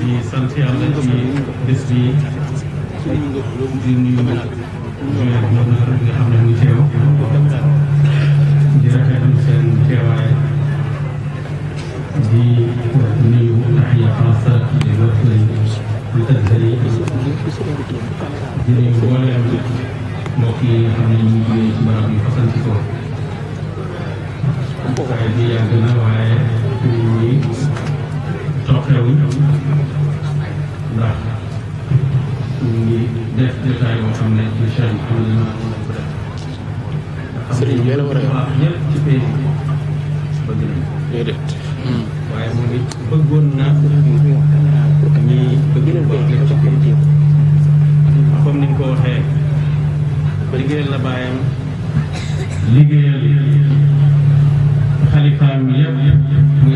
di sant yàlla ci bés bi di nuyu di nuyu gouverneur bi nga xam ne mu teew di rafetlu seen teewaay di nuyu taxiya xaasa di wërtali di tëddali di nuyu mbooleem mbokk yi nga xam ne ñu ngi sëriñ bi la war a yor déedéet. waaye moom it bëggoon na ci biir comme ni nga ko waxee liggéeyal la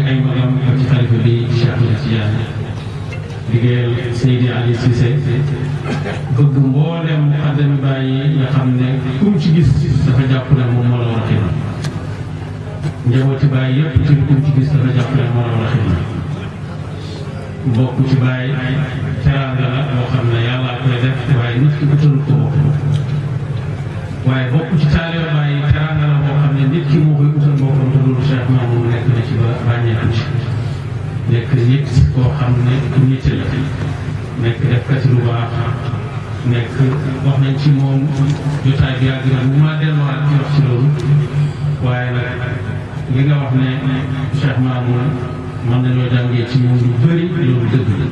ay magam ak ci xalifa bi Cheikh Tidiane liggéeyal Seydi Ali bëgg mboolem xadami bàyyi nga xam ne kum ci gis dafa jàpp ne moom moo la war a xima njabooti bàyyi yëpp ci kum ci gis dafa jàpp ne moo la war a xima bokk ci bàyyi teraanga la boo xam ne yàlla koy def waaye nit ki utal ko boppam waaye bokk ci taalibe bàyyi teraanga la boo xam ne nit ki moo koy utal boppam te loolu Cheikh Mamoun nekk na ci ba ràññeeku ci nekk nit koo xam ne nit la nekk defkat lu baax nekk wax nañ ci moom jotaay bi na ma delluwaat ci wax ci loolu waaye nag li nga wax ne Cheikh Mamoun mën nañoo ci moom lu bëri loolu dëgg la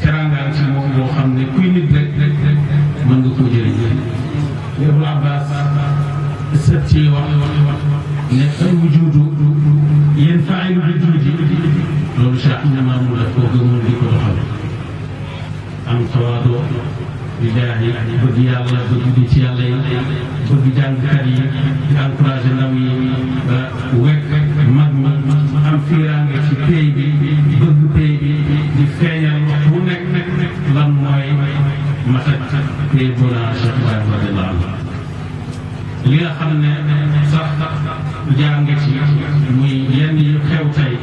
terangaan ci boo xam ne kuy nit rek mën nga koo jëriñ li Abul Abbas sët ci wax ne al wujudu yanfa'u bi إنما ملكوكم لك الخلق am tawaadoo di jaay yi bëgg yàlla bëgg bi ci yàlla yi bëgg jàngkat yi di encouragé ndaw yi ba wekk mag ma am fiiraange ci pay bi bëgg pay bi di feeñal bu nekk lan mooy matat pay bonaa Cheikh Ibrahima radiallahu anhu li nga xam ne sax jàng ci muy yenn yu xew tey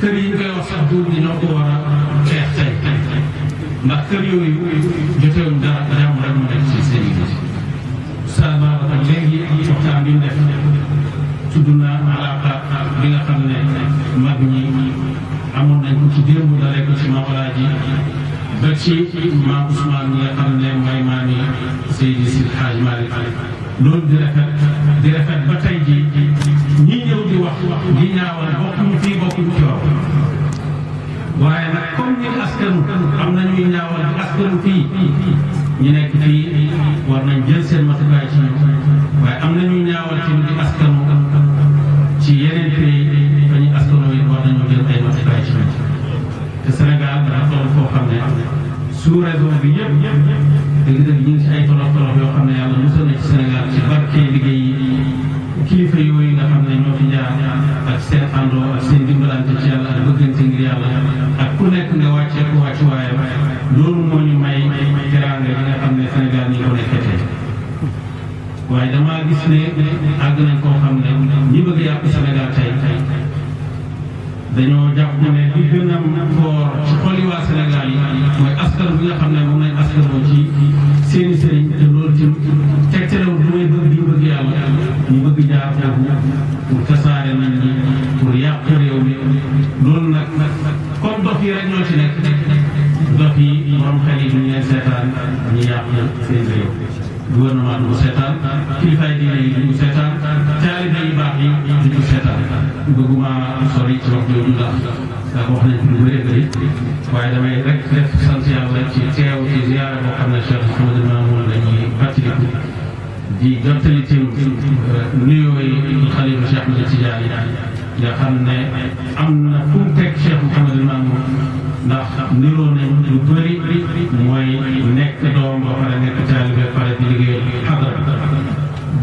kër yi ñu koy wax sax buur bi ñoo ko war a xeex tey ndax kër yooyu jotewul dara jàmm rek mu def ci seen i gis. Oustaz Babacar ak léegi waxtaan bi ñu def tudd naa alaqa bi nga xam ne mag ñi amoon nañ ko ci démb dalee ko ci Mawla ji ba ci maam Ousmane bi nga xam ne mooy maami Seydi Si Hadj Malick loolu di rafet di rafet ba tey fi ci askanu ci yeneen pays ba ñu te Sénégal dafa toll foo xam ne sous région bi yëpp dëgg-dëgg ay tolof tolof yoo xam ne yàlla musal na ci Sénégal ci barke liggéey yi kilifa yooyu nga xam ne ñoo fi jaar ak seen àndoo ak seen dimbalante ci yàlla ak bëggante ngir yàlla ak ku nekk nga wàcceeku wàccuwaayam loolu moo ñu may teraanga yi nga xam ne Sénégal ñu ko nekkee waaye damaa gis ne àgg nañ koo xam ne ñi bëgg yàq Sénégal tey dañoo jàpp ne li gën a foor ci xoli waa yi mooy nga xam ne moom lañ askanoo ci seeni sëriñ te loolu ci lu may bëgg di bëgg loolu nag comme dof yi rek ñoo ci nekk dof yi borom xel seetaan ñu yàq seen réew gouvernement du ko seetaan kilifaay diine yi duñu seetaan taalibe yu baax yi duñu seetaan bëgguma sori ci wax jooju ndax ndax wax nañ lu bëri bëri waaye damay rek def sant yàlla ci teew ci ziyaara boo xam ne Cheikh Ahmadou Mamoun lañuy fàttaliku di jottali teew euh, nuyoo yi xalifa Cheikh Ahmed Tidiane yi nga xam ne am na fu mu teg Cheikh Mouhamadou Mamoun ndax niroo nañ lu bëri mooy nekk doom ba pare nekk taalibe pare di liggéey xadara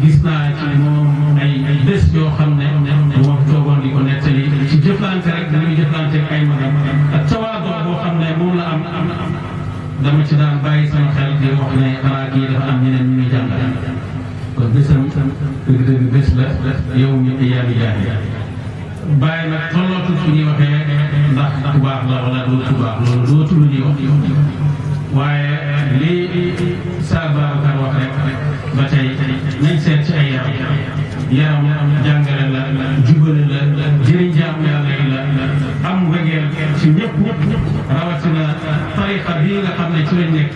gis naa ci moom ay bés yoo xam ne bu ma toogoon di ko nettali ci jëflante rek da muy jëflante ak ay magam ak tawaadoo boo xam ne moom la am dama ci daan bàyyi sama xel di wax ne xanaa kii dafa am ñeneen ñu muy jàngal kon bésam dëgg-dëgg bés la yow mi yaa ngi jaay bàyyi nag tollootul fu ñuy waxee ndax ku baax la wala doo ku baax loolu dootul lu ñuy wax waaye lii saa Babacar wax rek ba tey nañ seet ci ay yaram yaram jàngale la jubale la jëriñ jaamu yàlla yi la am mbëggeel ci ñëpp rawatina tariqa bii nga xam ne ci lañ nekk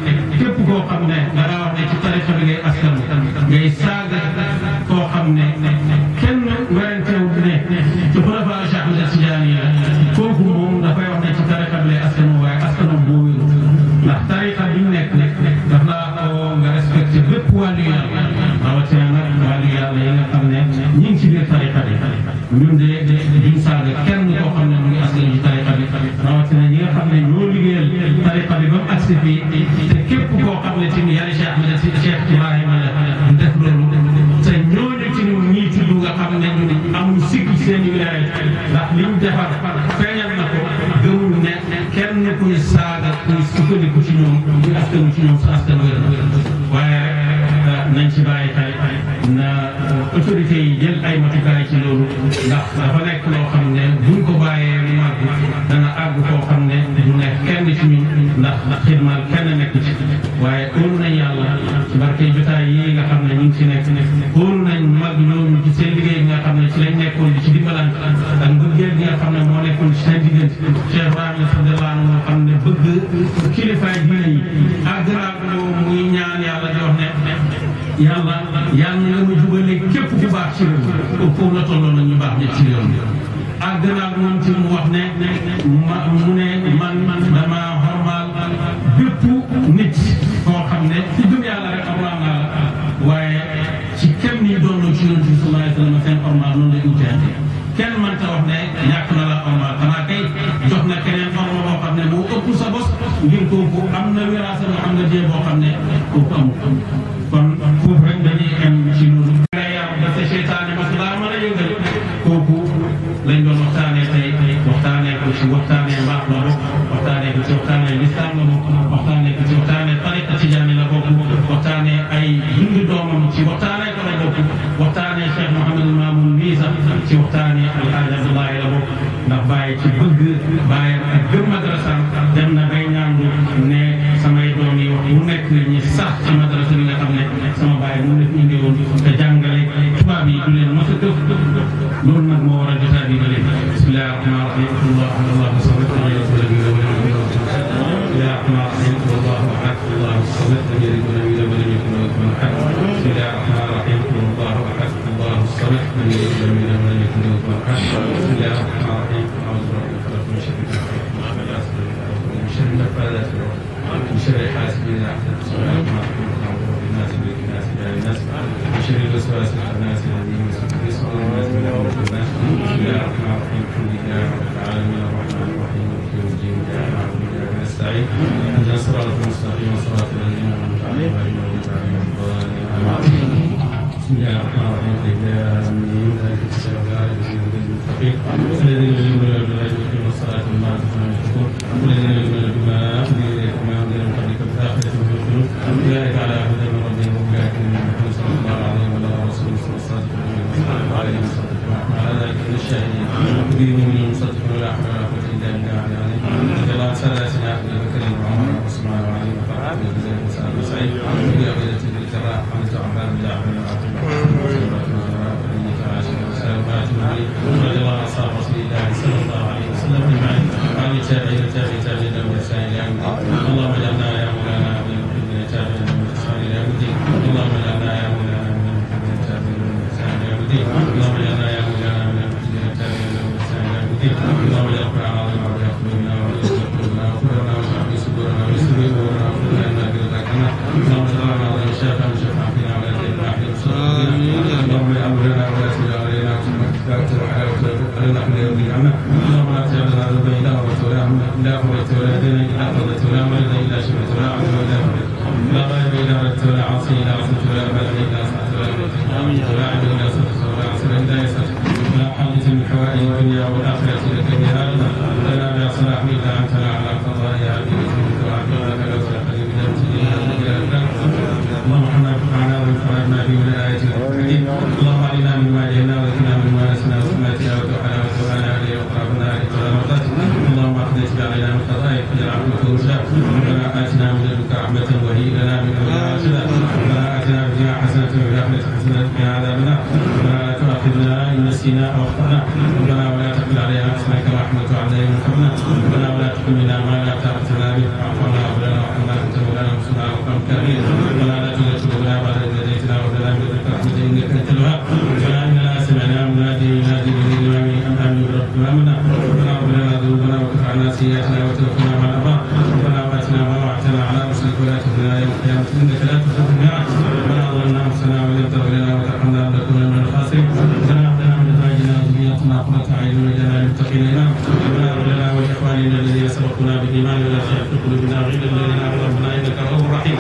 ñun de duñ saaga kenn koo xam ne mu ngi askan ci tariqa bi rawatina ñi nga xam ne ñoo liggéeyal tariqa bi ba mu agsi fii te képp koo xam ne tamit yàlla Cheikh Ahmed si Cheikh Ibrahima la def loolu te ñooñu ci ñun ñii tudd nga xam ne ñun amul sikk ci seen wilaaya ndax liñ defar feeñal na ko gëmul ne kenn kuy saaga kuy sukkandiku ci ñoom muy askan ci ñoom sa askan wér dafa nekk loo xam ne buñ ko bàyyee mu màgg dana àgg koo xam ne du nekk kenn ci ñun ndax xidmaal kenn nekk ci waaye óolu nañ yàlla ci barke jotaay yi nga xam ne ñu ngi ci nekk óolu nañ mag ñooñu ci seen liggéey bi nga xam ne ci lañ nekkoon di ci dimbalante ak mbëggeel bi nga xam ne moo nekkoon ci seen diggante Cheikh Ibrahima radiyallahu anhu moo xam ne bëgg kilifaay diine yi àgg naa ko muy ñaan yàlla di wax ne yàlla yàlla nga mu jubal ci réew mi foofu la tolloon nag ñu baax ñi ci réew mi àgg naa moom ci mu wax ne ma mu ne man man seytaane parce que daa mën a yëngal kooku lañ doon waxtaanee tey waxtaanee ko ci waxtaanee mbaax la bokk waxtaanee ko ci waxtaanee lislaam la bokk waxtaanee ko ci waxtaanee tariqa tijaani la bokk waxtaanee ay dundu doomam ci waxtaanee ko la bokk waxtaanee Cheikh Mouhamadul Mamoun mii sax ci waxtaanee Alhaji Abdoulaye la bokk ndax bàyyi ci bëgg bàyyi ak gëm madrasa dem na bay ñaan ne samay doom yi wax bu nekk nañu sax ci madrasa bi nga xam ne sama bàyyi mu nekk indiwoon te jàngale jëf jëf بسم الله الرحمن الرحيم آمين ذلك السلام على الذين الفقير الذين يؤمنون بالغيب ويقيمون الصلاة ومما رزقناهم ينفقون الذين يؤمنون بما ولا عصينا ولا عصينا ولا عصينا ولا عصينا ربنا آتنا من لدنك رحمة وهيئ لنا من أمرنا ربنا آتنا في الدنيا حسنة وفي الآخرة حسنة وقنا عذاب النار ربنا لا تؤاخذنا إن نسينا أو أخطأنا ربنا ولا تحمل علينا إثما كما حملته على الذين من قبلنا ربنا ولا تحملنا ما لا طاقة لنا به فاعف عنا واغفر لنا وارحمنا أنت مولانا وانصرنا على القوم الكافرين ربنا لا تزغ قلوبنا بعد إذ هديتنا وهب لنا من لدنك رحمة إنك أنت الوهاب الذين سبقونا بالإيمان ولا تجعل في قلوبنا غلا للذين آمنوا ربنا إنك رؤوف رحيم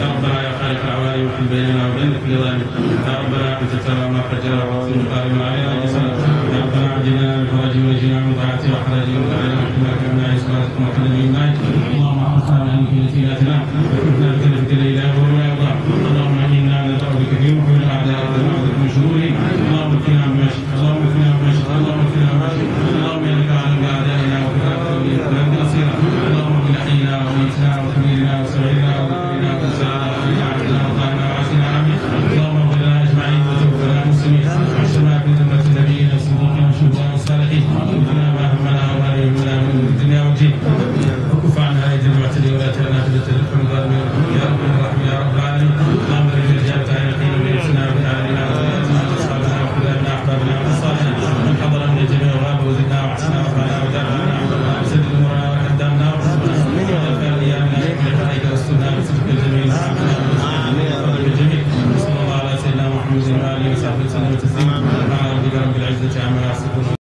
يا ربنا يا خالق الأعوان وحل بيننا وبين كل ظالم يا ربنا أنت ترى ما قد جرى وعظم قائما علينا